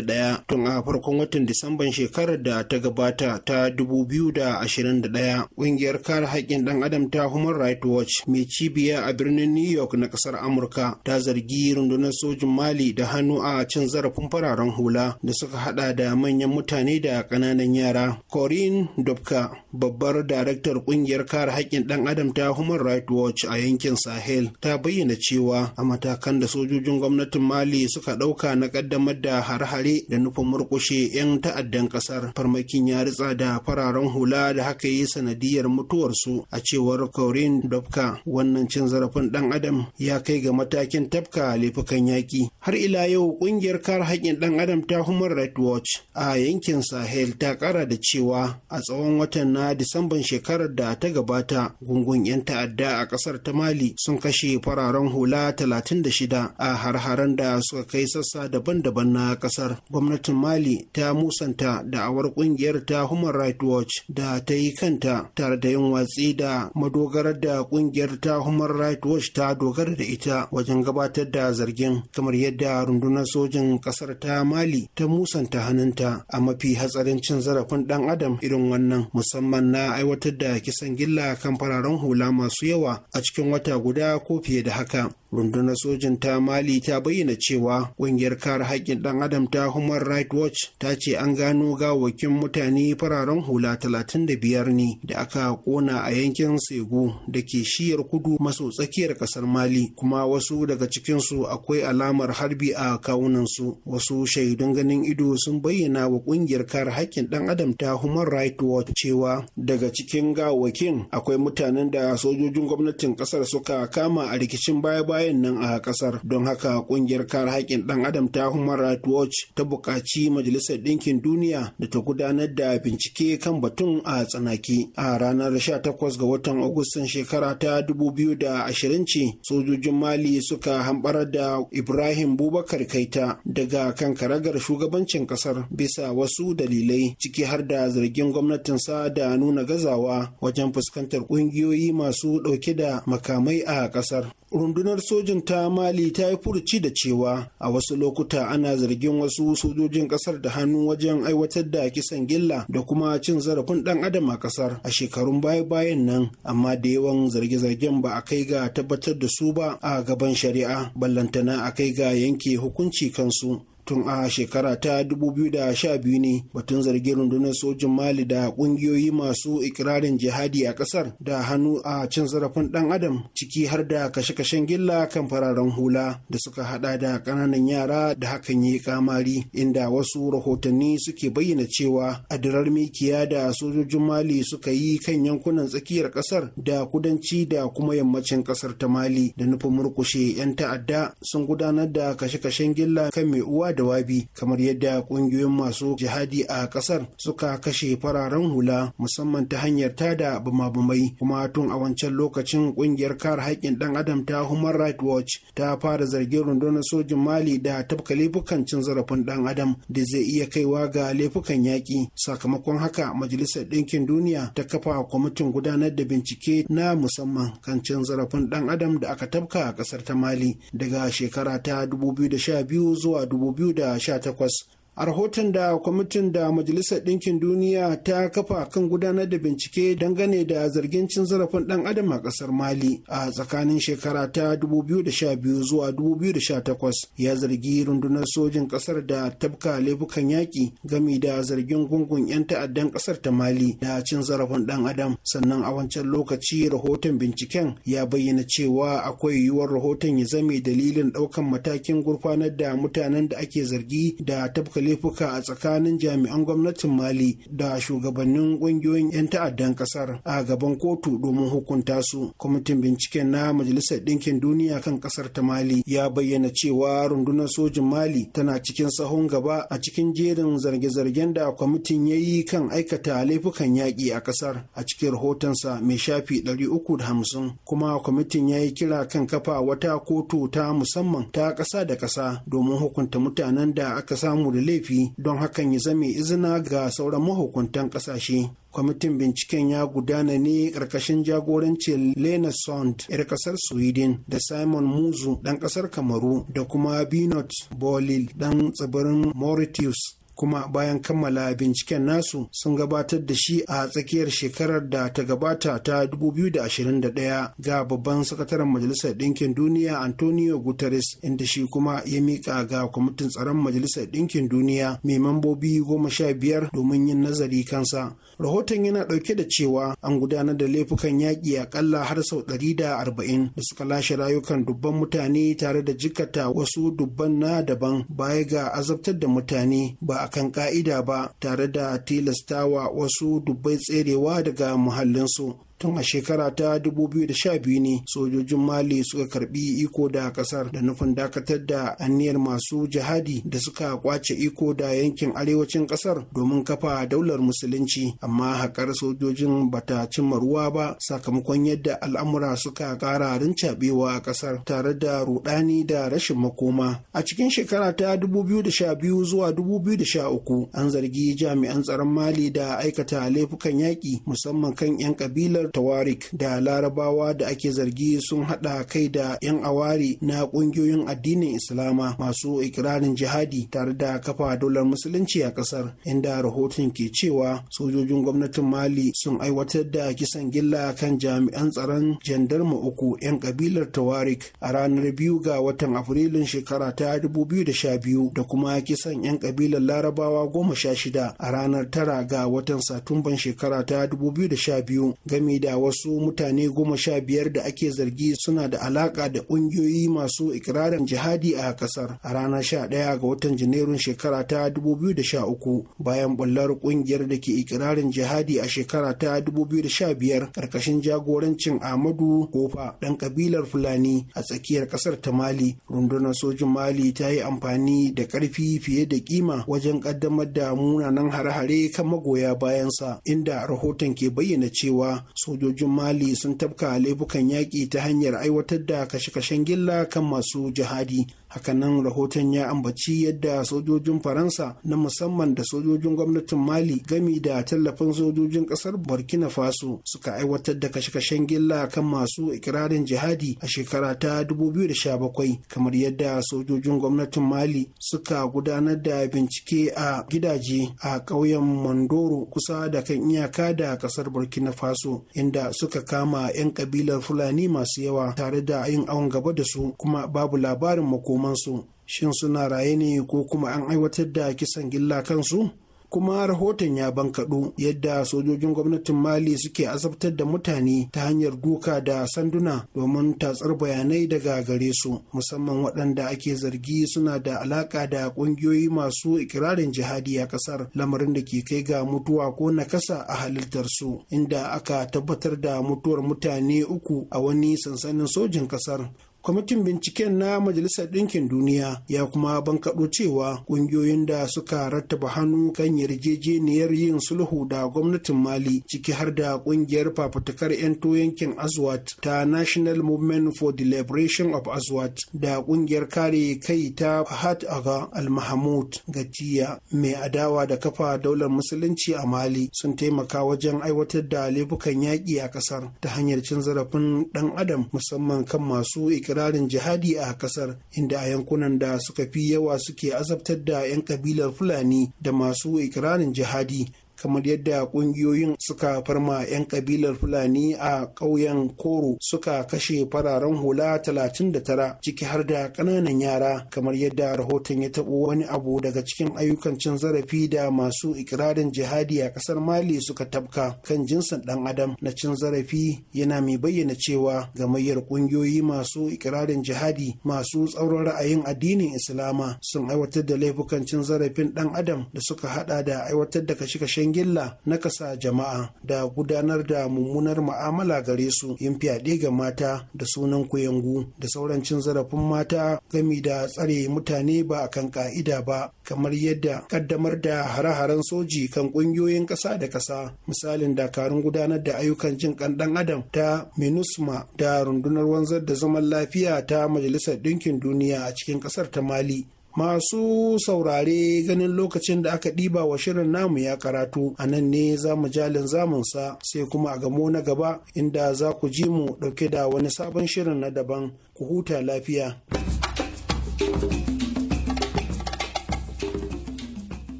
tun a farkon watan Disamban shekarar da ta gabata ta 2021. Ƙungiyar kare haƙƙin ɗan adam ta Human Rights Watch mai cibiya a birnin New York na ƙasar Amurka ta zargi rundunar sojin Mali da hannu a cin zarafin fararen hula da suka haɗa da manyan mutane da ƙananan yara. Corinne Dobka, babbar daraktar kungiyar kare haƙƙin ɗan adam ta human rights watch a yankin sahel ta bayyana cewa a matakan da sojojin gwamnatin mali suka ɗauka na ƙaddamar da hare-hare da nufin murƙushe 'yan ta'addan ƙasar farmakin ya ritsa da fararen hula da haka yi sanadiyar mutuwarsu a cewar corinne dobka wannan cin zarafin ɗan adam ya kai ga matakin tafka laifukan yaƙi har ila yau ƙungiyar kare haƙƙin ɗan adam ta human rights watch a yankin sahel ta ƙara da cewa a tsawon watan na disamban shekaru shekarar da ta gabata gungun 'yan ta'adda a ƙasar ta mali sun kashe fararen hula 36 a harharen da suka kai sassa daban-daban na ƙasar gwamnatin mali ta musanta da'awar ƙungiyar ta human rights watch da ta yi kanta tare da yin watsi da madogarar da ƙungiyar ta human rights watch ta dogara da ita wajen gabatar da zargin kamar yadda rundunar sojin ƙasar ta mali ta musanta hannunta a mafi hatsarin cin zarafin ɗan adam irin wannan musamman na aiwatar aiwatar da kisan gilla kan fararen hula masu yawa a cikin wata guda ko fiye da haka rundunar sojin ta mali ta bayyana cewa ƙungiyar kare haƙƙin ɗan adam ta human rights watch ta ce an gano gawakin mutane fararen hula 35 ne da aka kona a yankin Segu da ke shiyar kudu maso tsakiyar ƙasar mali kuma wasu daga cikinsu akwai alamar harbi a kawunansu wasu shaidun ganin ido sun bayyana wa ƙungiyar kare haƙƙin ɗan adam ta human rights watch cewa daga cikin gawakin akwai mutanen da sojojin gwamnatin ƙasar suka kama a rikicin baya-baya bayan nan a kasar don haka kungiyar kare haƙƙin ɗan adam ta human rights watch ta buƙaci majalisar ɗinkin duniya da ta gudanar da bincike kan batun a tsanaki a ranar 18 ga watan agustan shekara ta 2020 ce sojojin mali suka hambarar da ibrahim bubakar kaita daga kan karagar shugabancin kasar bisa wasu dalilai ciki har da zargin gwamnatinsa da nuna gazawa wajen fuskantar ƙungiyoyi masu ɗauke da makamai a kasar rundunar sojin ta mali ta yi furuci da cewa a wasu lokuta ana zargin wasu sojojin kasar da hannu wajen aiwatar da kisan gilla da kuma cin zarafin dan adam a kasar a shekarun baya bayan nan amma da yawan zarge-zargen ba a kai ga tabbatar da su ba a gaban shari'a ballantana a kai ga yanke hukunci kansu tun a shekara ta 2012 ne batun zargin rundunar sojin mali da kungiyoyi masu ikirarin jihadi a kasar da hannu a cin zarafin dan adam ciki har da kashe-kashen gilla kan fararen hula da suka hada da kananan yara da hakan yi kamari inda wasu rahotanni suke bayyana cewa adirar mikiya da sojojin mali suka yi kan yankunan tsakiyar kasar da kudanci da kuma yammacin kasar ta mali da nufin murkushe 'yan ta'adda sun gudanar da kashe-kashen gilla kan mai uwa dawabi kamar yadda ƙungiyoyin masu jihadi a kasar suka kashe fararen hula musamman ta hanyar tada bumabumai kuma tun a wancan lokacin ƙungiyar kare haƙƙin dan adam ta human rights watch ta fara zargin rundunar sojin mali da tafka laifukan cin zarafin dan adam da zai iya kaiwa ga laifukan yaƙi sakamakon haka majalisar ɗinkin duniya ta kafa kwamitin gudanar da bincike na musamman kan cin zarafin dan adam da aka tafka a kasar ta mali daga shekara ta 2012 zuwa 2013 2018 a rahoton da kwamitin da majalisar ɗinkin duniya ta kafa kan gudanar da bincike dangane da zargin cin zarafin ɗan adam a ƙasar mali a tsakanin shekara ta 2012 zuwa 2018 ya zargi rundunar sojin ƙasar da tabka laifukan yaƙi gami da zargin gungun 'yan ta'addan ƙasar ta mali da cin zarafin ɗan adam sannan a wancan lokaci rahoton binciken ya bayyana cewa akwai yiwuwar rahoton ya zame dalilin ɗaukan matakin gurfanar da mutanen da ake zargi da tabka laifuka a tsakanin jami'an gwamnatin mali da shugabannin ƙungiyoyin 'yan ta'addan ƙasar a gaban kotu domin hukunta su kwamitin binciken na majalisar ɗinkin duniya kan ƙasar ta mali ya bayyana cewa rundunar sojin mali tana cikin sahun gaba a cikin jerin zarge-zargen da kwamitin ya yi kan aikata laifukan yaƙi a ƙasar a cikin rahotonsa mai shafi ɗari uku da hamsin kuma kwamitin ya yi kira kan kafa wata kotu ta musamman ta ƙasa da ƙasa domin hukunta mutanen da aka samu da laifin laifi don hakan ya zame izina ga sauran mahukuntan kasashe kwamitin binciken ya gudana ne ƙarƙashin jagoranci lena sond 'yar ƙasar sweden da simon muzu ɗan ƙasar kamaru da kuma binot bolil dan tsibirin mauritius kuma bayan kammala binciken nasu sun gabatar da shi a tsakiyar shekarar da ta gabata ta 2021 ga babban sakataren majalisar ɗinkin duniya antonio guterres inda shi kuma ya miƙa ga kwamitin tsaron majalisar ɗinkin duniya mai mambobi goma sha biyar domin yin nazari kansa rahoton yana ɗauke da cewa an gudanar da laifukan yaƙi akalla har sau ɗari da arba'in da suka lashe rayukan dubban mutane tare da jikata wasu dubban na daban baya ga azabtar da mutane ba a kan ƙa'ida ba tare da tilastawa wasu dubbai tserewa daga muhallinsu tun a shekara ta 2012 ne sojojin mali suka karbi iko da kasar da nufin dakatar da anniyar masu jihadi da suka kwace iko da yankin arewacin kasar domin kafa daular musulunci amma haƙar sojojin bata cimma ruwa ba sakamakon yadda al'amura suka ƙara rincaɓewa a kasar tare da rudani da rashin makoma a cikin shekara ta 2012 zuwa 2013 an zargi jami'an tsaron mali da aikata laifukan yaƙi musamman kan 'yan kabilar tawarik da larabawa da ake zargi sun haɗa kai da 'yan awari na ƙungiyoyin addinin islama masu ikirarin jihadi tare da kafa dolar musulunci a ƙasar inda rahoton ke cewa sojojin gwamnatin mali sun aiwatar da kisan gilla kan jami'an tsaron jandarma uku 'yan kabilar tawarik a ranar biyu ga watan afrilun shekara ta 2012 da kuma kisan 'yan kabilar larabawa goma sha shida a ranar tara ga watan satumban shekara ta 2012 game da wasu mutane goma sha biyar da ake zargi suna da alaka da ƙungiyoyi masu ikirarin jihadi a ƙasar a ranar sha ɗaya ga watan janairun shekara ta 2013 bayan bullar ƙungiyar da ke ikirarin jihadi a shekara ta 2015 ƙarƙashin jagorancin Ahmadu Kofa ɗan ƙabilar Fulani a tsakiyar ƙasar ta Mali rundunar sojin Mali ta yi amfani da ƙarfi fiye da kima wajen ƙaddamar da munanan hare-hare kan magoya bayansa inda rahoton ke bayyana cewa sojojin mali sun tabka laifukan yaƙi ta hanyar aiwatar da kashe-kashen gilla kan masu jihadi hakanan rahoton ya ambaci yadda sojojin faransa na musamman da sojojin gwamnatin mali gami da tallafin sojojin kasar burkina faso suka aiwatar da kashe-kashen gilla kan masu ikirarin jihadi a shekara ta 2017 kamar yadda sojojin gwamnatin mali suka gudanar da bincike a gidaje a ƙauyen mandoro kusa da kan iyaka da kasar burkina faso inda suka kama 'yan kabilar fulani masu yawa tare da yin awon gaba da su kuma babu labarin makoma makomansu shin suna raye ne ko kuma an aiwatar da kisan gilla kansu kuma rahoton ya bankaɗo yadda sojojin gwamnatin mali suke azabtar da mutane ta hanyar guka da sanduna domin tatsar bayanai daga gare su musamman waɗanda ake zargi suna da alaƙa da ƙungiyoyi masu ikirarin jihadi a ƙasar lamarin da ke kai ga mutuwa ko nakasa a halittar su inda aka tabbatar da mutuwar mutane uku a wani sansanin sojin ƙasar kwamitin binciken na majalisar ɗinkin duniya ya kuma bankaɗo cewa ƙungiyoyin da suka rattaba hannu kan yarjejeniyar yin sulhu da gwamnatin mali ciki har da ƙungiyar fafutukar 'yan yankin aswat ta national movement for the liberation of aswat da ƙungiyar kare kai ta fahad aga al-mahmud gatiya mai adawa da kafa daular musulunci a mali sun taimaka wajen aiwatar da laifukan yaƙi a ƙasar ta hanyar cin zarafin ɗan adam musamman kan masu ikirarin jihadi a kasar inda a yankunan da suka fi yawa suke azabtar da 'yan kabilar fulani da masu ikirarin jihadi kamar yadda kungiyoyin suka farma 'yan kabilar fulani a ƙauyen koro suka kashe fararen hula 39 ciki har da ƙananan yara kamar yadda rahoton ya taɓo wani abu daga cikin ayyukan cin zarafi da masu ikirarin jihadi a ƙasar mali suka tabka kan jinsin ɗan adam na cin zarafi yana mai bayyana cewa gamayyar ƙungiyoyi masu ikirarin jihadi masu tsauran ra'ayin addinin islama sun aiwatar da laifukan cin zarafin ɗan adam da suka haɗa da aiwatar da kashe-kashen aikin na kasa jama'a da gudanar da mummunar ma'amala gare su yin fyaɗe ga mata da sunan kuyangu da sauran cin zarafin mata gami da tsare mutane ba a kan ka'ida ba kamar yadda kaddamar da hare-haren soji kan ƙungiyoyin ƙasa da ƙasa misalin dakarun gudanar da ayyukan jin ƙan ɗan adam ta minusma da rundunar wanzar da zaman lafiya ta majalisar ɗinkin duniya a cikin ƙasar ta mali masu saurare ganin lokacin da aka ɗiba wa shirin namu ya karatu a nan ne za mu jalin zamunsa sai kuma a gamo na gaba inda za ku ji mu ɗauke da wani sabon shirin na daban ku huta lafiya.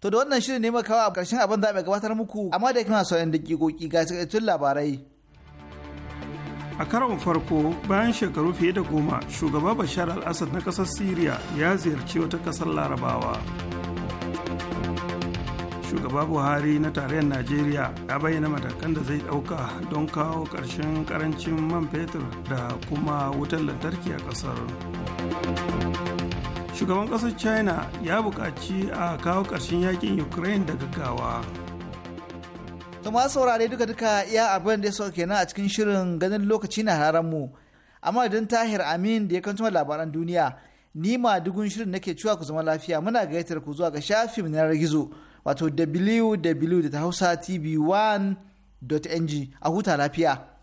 To da wannan shirin ne makawa a ƙarshen abin da mai gabatar muku amma da kuma ke dakikoki ga sakaitun labarai. a karon farko bayan shekaru fiye da goma shugaba bashar al-assad na kasar syria ya ziyarci wata kasar larabawa shugaba buhari na tarayyar najeriya ya bayyana matakan da zai dauka don kawo ƙarshen karancin man fetur da kuma wutar lantarki a kasar shugaban kasar china ya buƙaci a kawo ƙarshen yakin ukraine da gaggawa To ma saurare duka duka iya abin da ya sauke kenan a cikin shirin ganin lokaci na hararen mu. Amma idan Tahir Amin da ya kantuma labaran duniya ni ma dugun shirin nake cewa ku zama lafiya muna gayyatar ku zuwa ga shafin na gizo wato www.hausatv1.ng a huta lafiya.